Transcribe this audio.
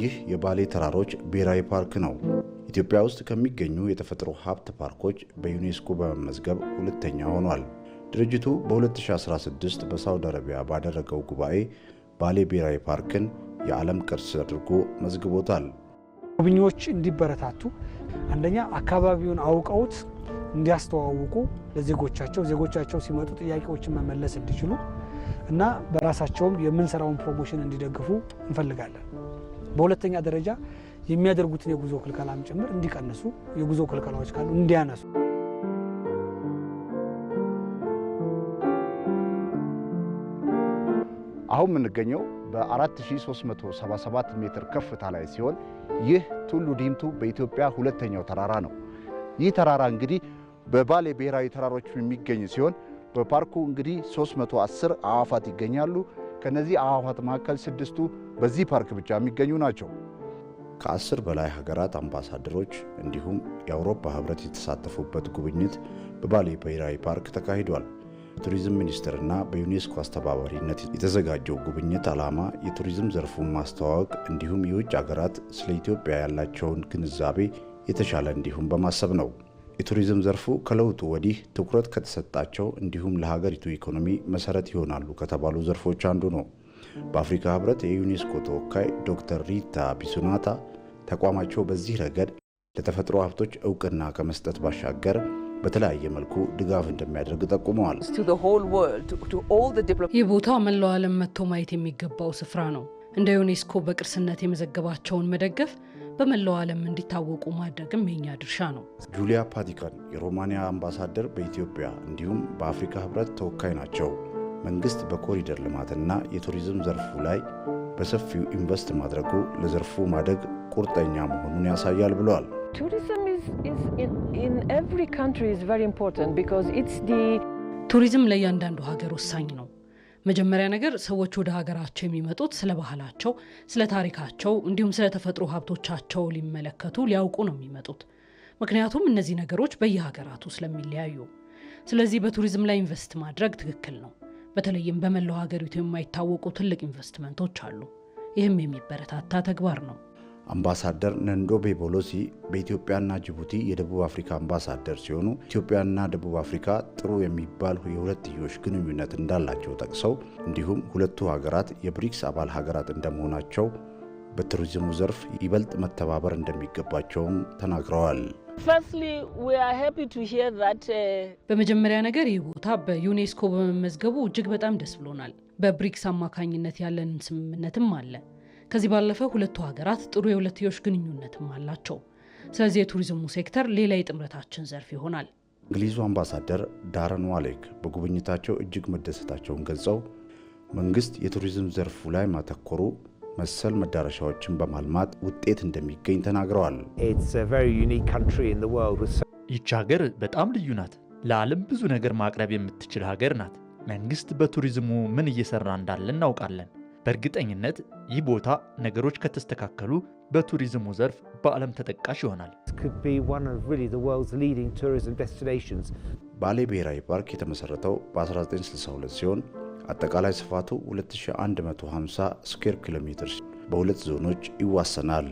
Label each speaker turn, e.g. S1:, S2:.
S1: ይህ የባሌ ተራሮች ብሔራዊ ፓርክ ነው። ኢትዮጵያ ውስጥ ከሚገኙ የተፈጥሮ ሀብት ፓርኮች በዩኔስኮ በመመዝገብ ሁለተኛ ሆኗል። ድርጅቱ በ2016 በሳውዲ አረቢያ ባደረገው ጉባኤ ባሌ ብሔራዊ ፓርክን የዓለም ቅርስ አድርጎ መዝግቦታል።
S2: ጎብኚዎች እንዲበረታቱ አንደኛ አካባቢውን አውቀውት እንዲያስተዋውቁ ለዜጎቻቸው ዜጎቻቸው ሲመጡ ጥያቄዎችን መመለስ እንዲችሉ እና በራሳቸውም የምንሰራውን ፕሮሞሽን እንዲደግፉ እንፈልጋለን። በሁለተኛ ደረጃ የሚያደርጉትን የጉዞ ክልከላም ጭምር እንዲቀንሱ፣ የጉዞ ክልከላዎች ካሉ እንዲያነሱ
S1: አሁን የምንገኘው በ4377 ሜትር ከፍታ ላይ ሲሆን ይህ ቱሉ ዲምቱ በኢትዮጵያ ሁለተኛው ተራራ ነው። ይህ ተራራ እንግዲህ በባሌ ብሔራዊ ተራሮች የሚገኝ ሲሆን በፓርኩ እንግዲህ 310 አዕዋፋት ይገኛሉ። ከነዚህ አዕዋፋት መካከል ስድስቱ በዚህ ፓርክ ብቻ የሚገኙ ናቸው። ከአስር በላይ ሀገራት አምባሳደሮች እንዲሁም የአውሮፓ ህብረት የተሳተፉበት ጉብኝት በባሌ ብሔራዊ ፓርክ ተካሂዷል። ቱሪዝም ሚኒስቴርና በዩኔስኮ አስተባባሪነት የተዘጋጀው ጉብኝት ዓላማ የቱሪዝም ዘርፉን ማስተዋወቅ እንዲሁም የውጭ ሀገራት ስለ ኢትዮጵያ ያላቸውን ግንዛቤ የተሻለ እንዲሁም በማሰብ ነው። የቱሪዝም ዘርፉ ከለውጡ ወዲህ ትኩረት ከተሰጣቸው እንዲሁም ለሀገሪቱ ኢኮኖሚ መሰረት ይሆናሉ ከተባሉ ዘርፎች አንዱ ነው። በአፍሪካ ህብረት የዩኔስኮ ተወካይ ዶክተር ሪታ ቢሱናታ ተቋማቸው በዚህ ረገድ ለተፈጥሮ ሀብቶች እውቅና ከመስጠት ባሻገር በተለያየ መልኩ ድጋፍ እንደሚያደርግ ጠቁመዋል።
S3: ይህ ቦታ መላው ዓለም መጥቶ ማየት የሚገባው ስፍራ ነው። እንደ ዩኔስኮ በቅርስነት የመዘገባቸውን መደገፍ በመላው ዓለም እንዲታወቁ ማድረግም የኛ ድርሻ ነው።
S1: ጁሊያ ፓቲካን የሮማንያ አምባሳደር በኢትዮጵያ እንዲሁም በአፍሪካ ህብረት ተወካይ ናቸው። መንግስት በኮሪደር ልማትና የቱሪዝም ዘርፉ ላይ በሰፊው ኢንቨስት ማድረጉ ለዘርፉ ማደግ ቁርጠኛ መሆኑን ያሳያል ብለዋል።
S3: ቱሪዝም ለእያንዳንዱ ሀገር ወሳኝ ነው። መጀመሪያ ነገር ሰዎች ወደ ሀገራቸው የሚመጡት ስለ ባህላቸው፣ ስለ ታሪካቸው እንዲሁም ስለ ተፈጥሮ ሀብቶቻቸው ሊመለከቱ ሊያውቁ ነው የሚመጡት። ምክንያቱም እነዚህ ነገሮች በየሀገራቱ ስለሚለያዩ። ስለዚህ በቱሪዝም ላይ ኢንቨስት ማድረግ ትክክል ነው። በተለይም በመላው ሀገሪቱ የማይታወቁ ትልቅ ኢንቨስትመንቶች አሉ። ይህም የሚበረታታ ተግባር ነው።
S1: አምባሳደር ነንዶ ቤቦሎሲ በኢትዮጵያና ጅቡቲ የደቡብ አፍሪካ አምባሳደር ሲሆኑ ኢትዮጵያና ደቡብ አፍሪካ ጥሩ የሚባል የሁለትዮሽ ግንኙነት እንዳላቸው ጠቅሰው እንዲሁም ሁለቱ ሀገራት የብሪክስ አባል ሀገራት እንደመሆናቸው በቱሪዝሙ ዘርፍ ይበልጥ መተባበር እንደሚገባቸውም ተናግረዋል። uh,
S3: በመጀመሪያ ነገር ይህ ቦታ በዩኔስኮ በመመዝገቡ እጅግ በጣም ደስ ብሎናል። በብሪክስ አማካኝነት ያለንን ስምምነትም አለ። ከዚህ ባለፈ ሁለቱ ሀገራት ጥሩ የሁለትዮሽ ግንኙነትም አላቸው። ስለዚህ የቱሪዝሙ ሴክተር ሌላ የጥምረታችን ዘርፍ ይሆናል።
S1: እንግሊዙ አምባሳደር ዳረን ዋሌክ በጉብኝታቸው እጅግ መደሰታቸውን ገልጸው መንግስት የቱሪዝም ዘርፉ ላይ ማተኮሩ መሰል መዳረሻዎችን በማልማት ውጤት እንደሚገኝ ተናግረዋል።
S4: ይቺ ሀገር በጣም ልዩ ናት። ለዓለም ብዙ ነገር ማቅረብ የምትችል ሀገር ናት። መንግስት በቱሪዝሙ ምን እየሰራ እንዳለ እናውቃለን። በእርግጠኝነት ይህ ቦታ ነገሮች ከተስተካከሉ በቱሪዝሙ ዘርፍ በዓለም ተጠቃሽ ይሆናል።
S1: ባሌ ብሔራዊ ፓርክ የተመሠረተው በ1962 ሲሆን አጠቃላይ ስፋቱ 2150 ስኩዌር ኪሎ ሜትር በሁለት ዞኖች ይዋሰናል።